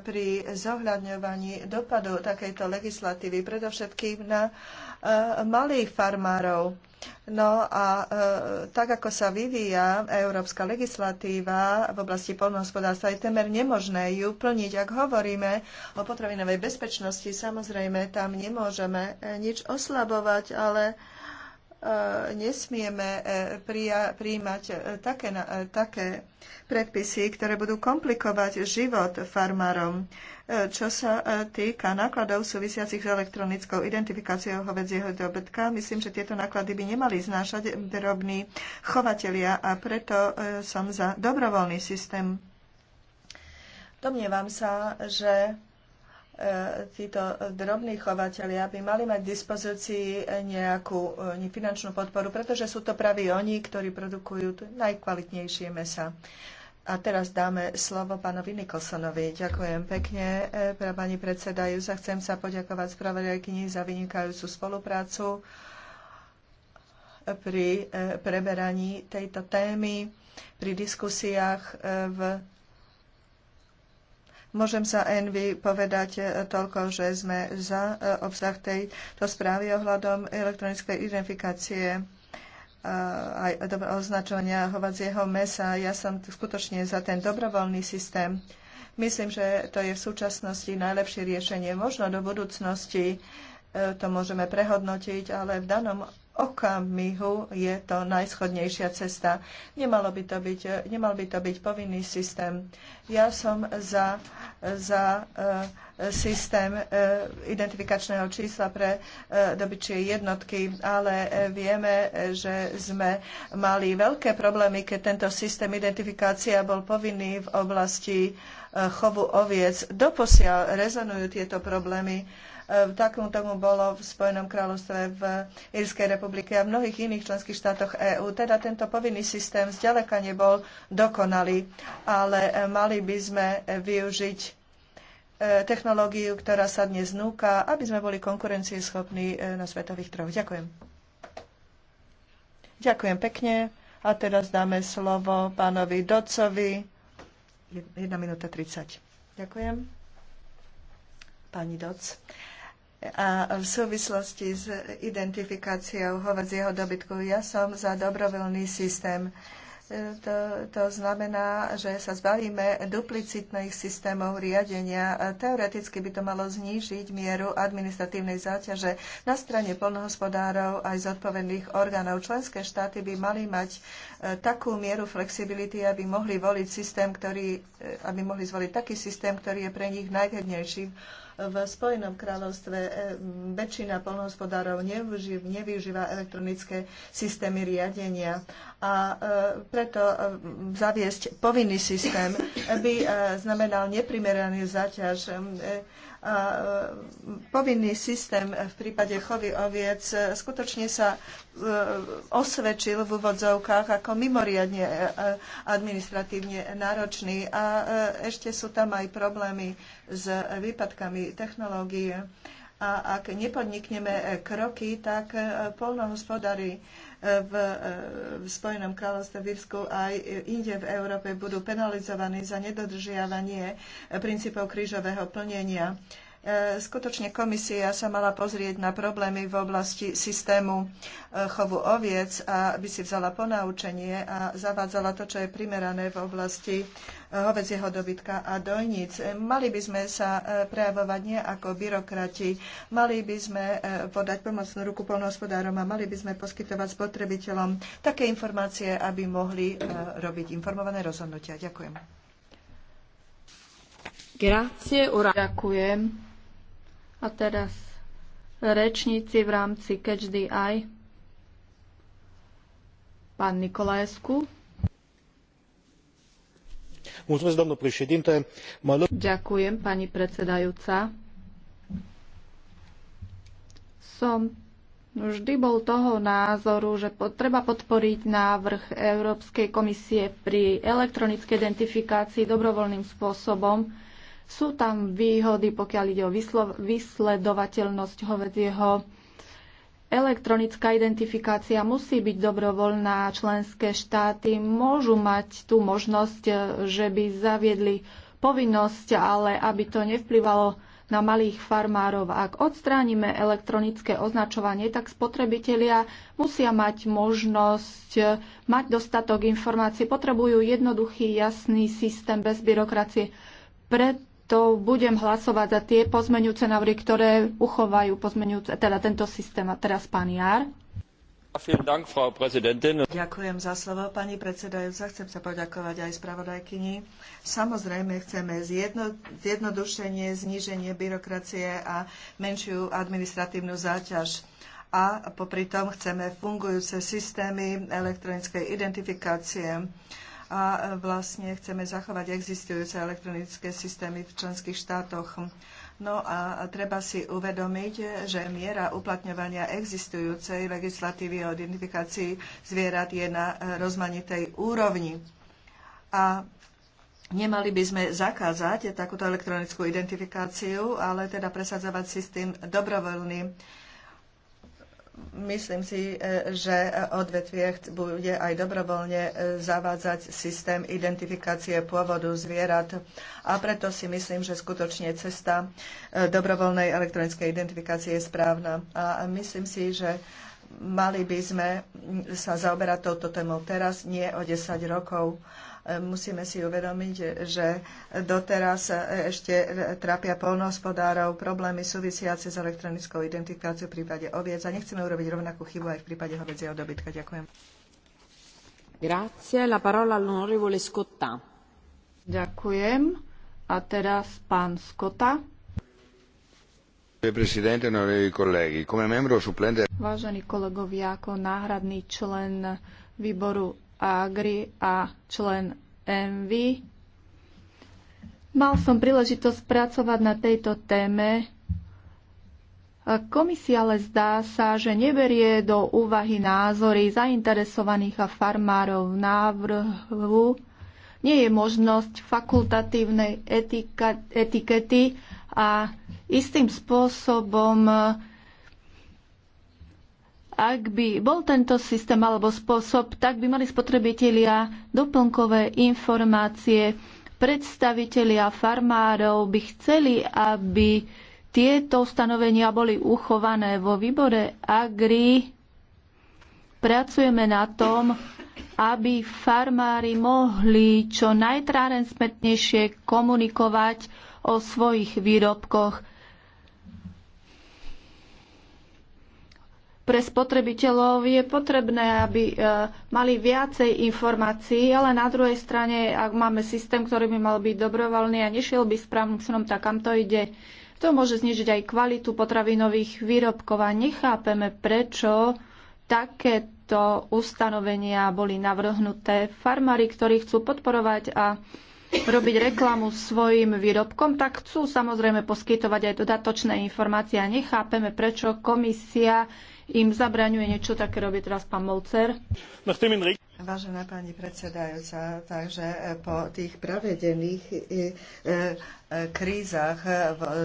pri zohľadňovaní dopadov takejto legislatívy, predovšetkým na e, malých farmárov. No a e, tak, ako sa vyvíja európska legislatíva v oblasti poľnohospodárstva, je temer nemožné ju plniť. Ak hovoríme o potravinovej bezpečnosti, samozrejme tam nemôžeme nič oslabovať, ale e, E, nesmieme e, príjmať e, také, také predpisy, ktoré budú komplikovať život farmárom. Čo sa týka nákladov súvisiacich s elektronickou identifikáciou hovedzieho dobytka, myslím, že tieto náklady by nemali znášať drobní chovatelia a preto som za dobrovoľný systém. Domnievam sa, že E, títo drobní chovateľi, by mali mať v dispozícii nejakú e, finančnú podporu, pretože sú to praví oni, ktorí produkujú najkvalitnejšie mesa. A teraz dáme slovo pánovi Nikolsonovi. Ďakujem pekne, e, pani predsedajúca. Chcem sa poďakovať spravodajkyni za vynikajúcu spoluprácu pri preberaní tejto témy, pri diskusiách v Môžem sa Envy povedať e, toľko, že sme za e, obsah tejto správy ohľadom elektronickej identifikácie e, aj označovania hovadzieho mesa. Ja som skutočne za ten dobrovoľný systém. Myslím, že to je v súčasnosti najlepšie riešenie. Možno do budúcnosti to môžeme prehodnotiť, ale v danom okamihu je to najschodnejšia cesta. Nemalo by to byť, nemal by to byť povinný systém. Ja som za, za e, systém e, identifikačného čísla pre e, dobyčie jednotky, ale vieme, že sme mali veľké problémy, keď tento systém identifikácia bol povinný v oblasti chovu oviec. Doposiaľ rezonujú tieto problémy Ehm, Takom tomu bolo v Spojenom kráľovstve, v Irskej republike a v mnohých iných členských štátoch EÚ. Teda tento povinný systém zďaleka nebol dokonalý, ale e, mali by sme e, využiť e, technológiu, ktorá sa dnes núka, aby sme boli konkurencieschopní na svetových trhoch. Ďakujem. Ďakujem pekne. A teraz dáme slovo pánovi Docovi. 1 minúta 30. Ďakujem. Pani Doc a v súvislosti s identifikáciou jeho dobytku. Ja som za dobrovoľný systém. E, to, to znamená, že sa zbavíme duplicitných systémov riadenia. Teoreticky by to malo znížiť mieru administratívnej záťaže na strane polnohospodárov aj zodpovedných orgánov. Členské štáty by mali mať e, takú mieru flexibility, aby mohli voliť systém, ktorý, e, aby mohli zvoliť taký systém, ktorý je pre nich najvhodnejší v Spojenom kráľovstve e, väčšina polnohospodárov nevyužíva elektronické systémy riadenia a e, preto e, zaviesť povinný systém by znamenal neprimeraný zaťaž a e, povinný systém v prípade chovy oviec skutočne sa e, osvedčil v úvodzovkách ako mimoriadne e, administratívne náročný a ešte sú tam aj problémy s výpadkami technológie. A ak nepodnikneme kroky, tak polnohospodári v, v Spojenom kráľovstve, v Írsku aj inde v Európe budú penalizovaní za nedodržiavanie princípov krížového plnenia. E, skutočne komisia sa mala pozrieť na problémy v oblasti systému e, chovu oviec, aby si vzala ponaučenie a zavádzala to, čo je primerané v oblasti hovedzieho dobytka a dojnic. Mali by sme sa e, prejavovať nie ako byrokrati, mali by sme e, podať pomocnú ruku polnohospodárom a mali by sme poskytovať spotrebiteľom také informácie, aby mohli e, robiť informované rozhodnutia. Ďakujem. Grazie, ura. Ďakujem. A teraz rečníci v rámci Catch the Eye. Pán Nikolajsku. Ďakujem, pani predsedajúca. Som vždy bol toho názoru, že treba podporiť návrh Európskej komisie pri elektronickej identifikácii dobrovoľným spôsobom. Sú tam výhody, pokiaľ ide o vysledovateľnosť hovedzieho Elektronická identifikácia musí byť dobrovoľná. Členské štáty môžu mať tú možnosť, e, že by zaviedli povinnosť, ale aby to nevplyvalo na malých farmárov. Ak odstránime elektronické označovanie, tak spotrebitelia musia mať možnosť e, mať dostatok informácií. Potrebujú jednoduchý, jasný systém bez byrokracie. Preto štátov budem hlasovať za tie pozmeňujúce návrhy, ktoré uchovajú pozmeňujúce, teda tento systém. A teraz pán Jar. Ďakujem za slovo, pani predsedajúca. Chcem sa poďakovať aj spravodajkyni. Samozrejme, chceme zjedno, zjednodušenie, zníženie byrokracie a menšiu administratívnu záťaž a popri tom chceme fungujúce systémy elektronickej identifikácie a vlastne chceme zachovať existujúce elektronické systémy v členských štátoch. No a treba si uvedomiť, že miera uplatňovania existujúcej legislatívy o identifikácii zvierat je na rozmanitej úrovni. A Nemali by sme zakázať takúto elektronickú identifikáciu, ale teda presadzovať systém dobrovoľný myslím si, e, že e, odvetvie bude aj dobrovoľne e, zavádzať systém identifikácie pôvodu zvierat. A preto si myslím, že skutočne cesta dobrovoľnej elektronickej identifikácie je správna. A myslím si, že mali by sme sa zaoberať touto témou teraz, nie o 10 rokov. Musíme si uvedomiť, že doteraz ešte trápia polnohospodárov problémy súvisiace s elektronickou identifikáciou v prípade oviec a nechceme urobiť rovnakú chybu aj v prípade hovedzieho dobytka. Ďakujem. Grazie, la parola all'onorevole Scotta. Ďakujem. A teraz pán Scotta. Vážení kolegovia, ako náhradný člen výboru Agri a člen MV. Mal som príležitosť pracovať na tejto téme. Komisia ale zdá sa, že neberie do úvahy názory zainteresovaných a farmárov v návrhu. Nie je možnosť fakultatívnej etika, etikety a istým spôsobom ak by bol tento systém alebo spôsob, tak by mali spotrebitelia doplnkové informácie. Predstavitelia farmárov by chceli, aby tieto stanovenia boli uchované vo výbore Agri. Pracujeme na tom, aby farmári mohli čo najtrárensmetnejšie komunikovať o svojich výrobkoch pre spotrebiteľov je potrebné, aby e, mali viacej informácií, ale na druhej strane, ak máme systém, ktorý by mal byť dobrovoľný a nešiel by správnym smerom, tak kam to ide. To môže znižiť aj kvalitu potravinových výrobkov a nechápeme, prečo takéto ustanovenia boli navrhnuté. Farmári, ktorí chcú podporovať a robiť reklamu svojim výrobkom, tak chcú samozrejme poskytovať aj dodatočné informácie a nechápeme, prečo komisia im zabraňuje niečo také robiť teraz pán Molcer. Vážená pani predsedajúca, takže e, po tých prevedených e, e, krízach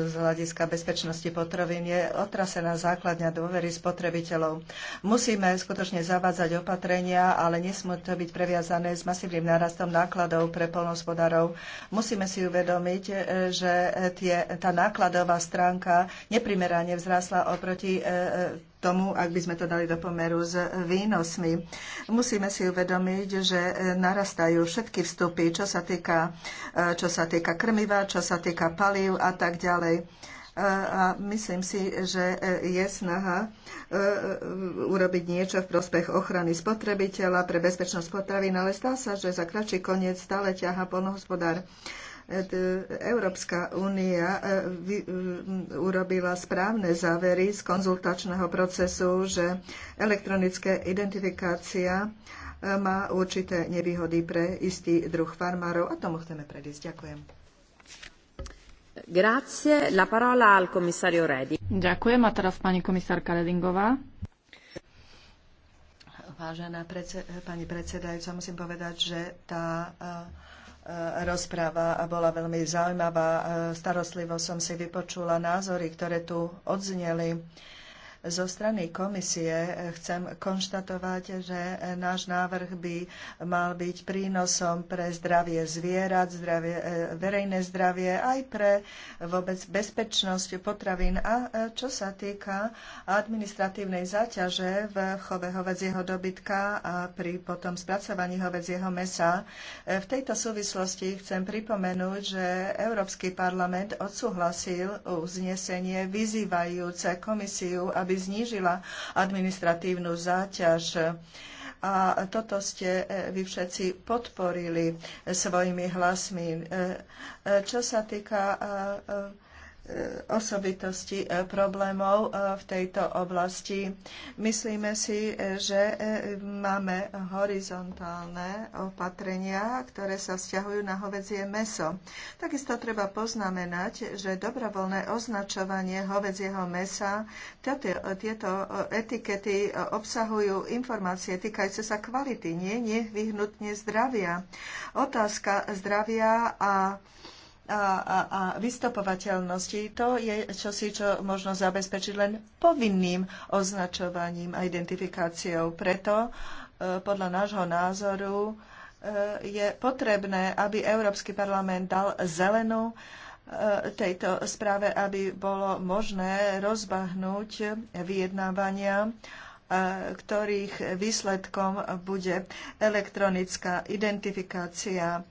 z hľadiska bezpečnosti potravín je otrasená základňa dôvery spotrebiteľov. Musíme skutočne zavádzať opatrenia, ale nesmú to byť previazané s masívnym nárastom nákladov pre polnospodárov. Musíme si uvedomiť, že tie, tá nákladová stránka neprimerane vzrásla oproti tomu, ak by sme to dali do pomeru s výnosmi. Musíme si uvedomiť, že narastajú všetky vstupy, čo sa týka, eh, čo sa týka krmiva, čo sa týka palív a tak ďalej eh, a myslím si, že eh, je snaha urobiť niečo v prospech ochrany spotrebiteľa pre bezpečnosť potravín, ale stá sa, že za kratší koniec stále ťaha polnohospodár. E, Európska únia e, e, urobila správne závery z konzultačného procesu, že elektronická identifikácia má určité nevýhody pre istý druh farmárov a tomu chceme predísť. Ďakujem. Grazie. La parola al commissario Redi. Ďakujem a teraz pani komisárka Redingová. Vážená prece- pani predsedajúca, musím povedať, že tá uh, rozpráva a bola veľmi zaujímavá. E, starostlivo som si vypočula názory, ktoré tu odzneli. Zo strany komisie eh, chcem konštatovať, že eh, náš návrh by mal byť prínosom pre zdravie zvierat, zdravie, eh, verejné zdravie, aj pre vôbec bezpečnosť potravín. A čo sa týka administratívnej záťaže v chove hovedzieho dobytka a pri potom spracovaní hovedzieho mesa, v tejto súvislosti chcem pripomenúť, že Európsky parlament odsúhlasil uznesenie vyzývajúce komisiu, aby aby znížila administratívnu záťaž a toto ste e, vy všetci podporili svojimi hlasmi. E, e, čo sa týka E, osobitosti e, problémov e, v tejto oblasti. Myslíme si, že máme horizontálne opatrenia, ktoré sa vzťahujú na hovedzie meso. Takisto treba poznamenať, že dobrovoľné označovanie hovedzieho mesa, tieto, tieto etikety obsahujú informácie týkajúce sa kvality, nie nevyhnutne zdravia. Otázka zdravia a a, a, a vystopovateľnosti. To je čosi, čo možno zabezpečiť len povinným označovaním a identifikáciou. Preto e, podľa nášho názoru e, je potrebné, aby Európsky parlament dal zelenú e, tejto správe, aby bolo možné rozbahnúť vyjednávania ktorých výsledkom bude elektronická identifikácia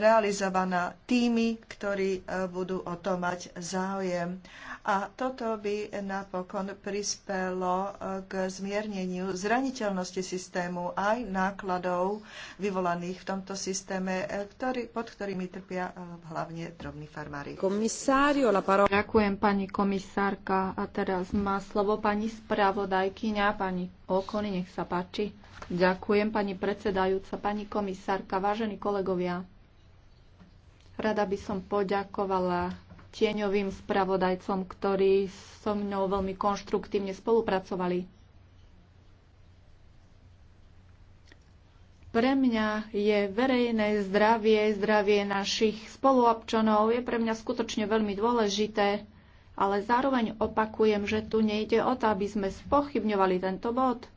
realizovaná tými, ktorí e, budú o to mať záujem. A toto by napokon prispelo e, k zmierneniu zraniteľnosti systému aj nákladov vyvolaných v tomto systéme, e, ktorý, pod ktorými trpia hlavne drobní farmári. Ďakujem pani komisárka a teraz má slovo pani spravodajkyňa, pani Okony, nech sa páči. Ďakujem, pani predsedajúca, pani komisárka, vážení kolegovia. Rada by som poďakovala tieňovým spravodajcom, ktorí so mnou veľmi konštruktívne spolupracovali. Pre mňa je verejné zdravie, zdravie našich spoluobčanov je pre mňa skutočne veľmi dôležité, ale zároveň opakujem, že tu nejde o to, aby sme spochybňovali tento bod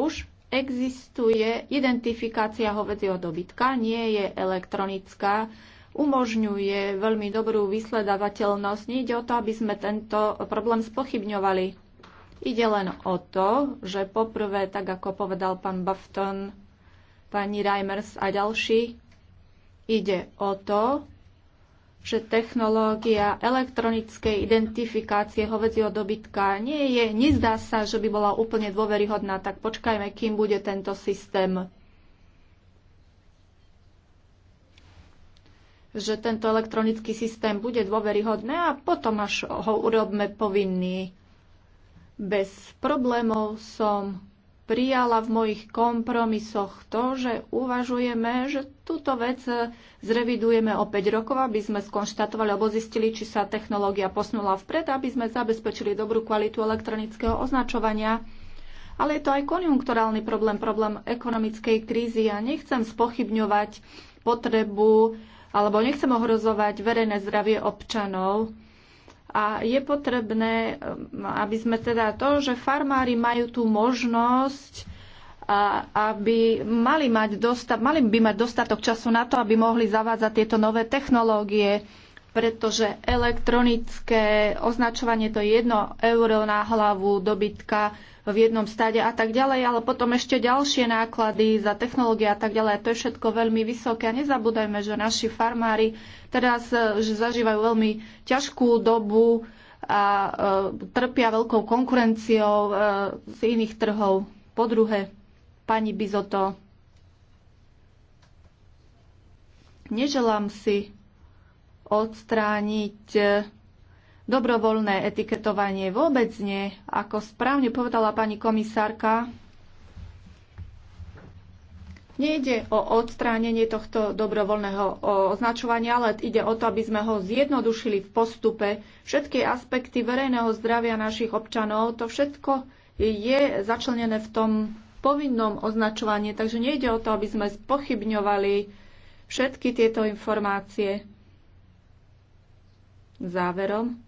už existuje identifikácia hovedzieho dobytka, nie je elektronická, umožňuje veľmi dobrú vysledávateľnosť. Nie ide o to, aby sme tento problém spochybňovali. Ide len o to, že poprvé, tak ako povedal pán Bafton, pani Reimers a ďalší, ide o to, že technológia elektronickej identifikácie hovedzieho dobytka nie je, nezdá sa, že by bola úplne dôveryhodná, tak počkajme, kým bude tento systém. že tento elektronický systém bude dôveryhodný a potom až ho urobme povinný. Bez problémov som prijala v mojich kompromisoch to, že uvažujeme, že túto vec e, zrevidujeme o 5 rokov, aby sme skonštatovali alebo zistili, či sa technológia posunula vpred, aby sme zabezpečili dobrú kvalitu elektronického označovania. Ale je to aj konjunkturálny problém, problém ekonomickej krízy a nechcem spochybňovať potrebu alebo nechcem ohrozovať verejné zdravie občanov a je potrebné, um, aby sme teda to, že farmári majú tú možnosť, aby mali, mať dosta, mali by mať dostatok času na to, aby mohli zavádzať tieto nové technológie, pretože elektronické označovanie to je jedno euro na hlavu dobytka v jednom stade a tak ďalej, ale potom ešte ďalšie náklady za technológie a tak ďalej. To je všetko veľmi vysoké a nezabúdajme, že naši farmári teraz e, že zažívajú veľmi ťažkú dobu a e, trpia veľkou konkurenciou e, z iných trhov. Po druhé, pani Bizoto, neželám si odstrániť e, dobrovoľné etiketovanie. Vôbec nie. Ako správne povedala pani komisárka, Nejde o odstránenie tohto dobrovoľného označovania, ale ide o to, aby sme ho zjednodušili v postupe. Všetky aspekty verejného zdravia našich občanov, to všetko je začlenené v tom povinnom označovaní, takže nejde o to, aby sme spochybňovali všetky tieto informácie. Záverom.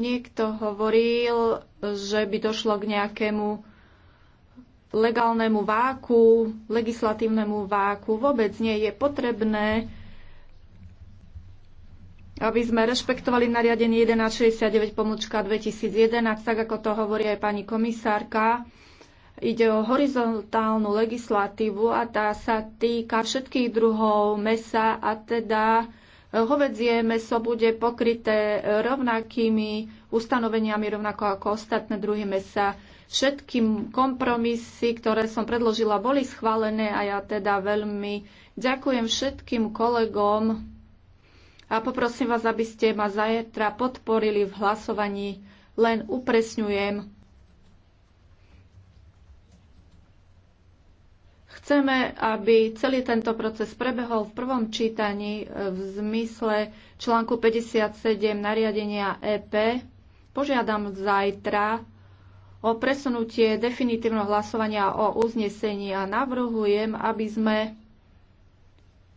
Niekto hovoril, že by došlo k nejakému legálnemu váku, legislatívnemu váku. Vôbec nie je potrebné aby sme rešpektovali nariadenie 1169 pomočka 2011, tak ako to hovorí aj pani komisárka. Ide o horizontálnu legislatívu a tá sa týka všetkých druhov mesa a teda Hovedzie meso bude pokryté rovnakými ustanoveniami, rovnako ako ostatné druhy mesa. Všetky kompromisy, ktoré som predložila, boli schválené a ja teda veľmi ďakujem všetkým kolegom a poprosím vás, aby ste ma zajtra podporili v hlasovaní. Len upresňujem, Chceme, aby celý tento proces prebehol v prvom čítaní e, v zmysle článku 57 nariadenia EP. Požiadam zajtra o presunutie definitívneho hlasovania o uznesení a navrhujem, aby sme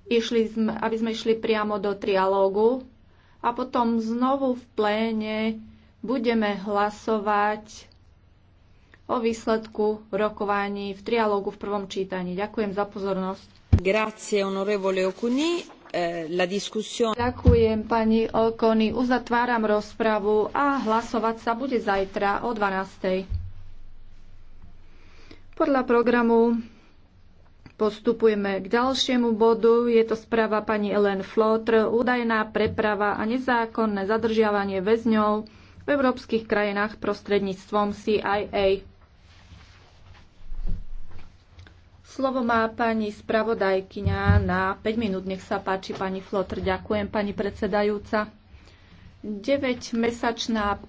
išli, aby sme išli priamo do trialógu a potom znovu v pléne budeme hlasovať o výsledku rokovaní v trialógu v prvom čítaní. Ďakujem za pozornosť. Grazie, onorevole Okuni. Eh, la discussione... Ďakujem pani Okony. Uzatváram rozpravu a hlasovať sa bude zajtra o 12. Podľa programu postupujeme k ďalšiemu bodu. Je to správa pani Ellen Flotr, údajná preprava a nezákonné zadržiavanie väzňov v európskych krajinách prostredníctvom CIA. Slovo má pani spravodajkyňa na 5 minút. Nech sa páči, pani Flotr. Ďakujem, pani predsedajúca. 9-mesačná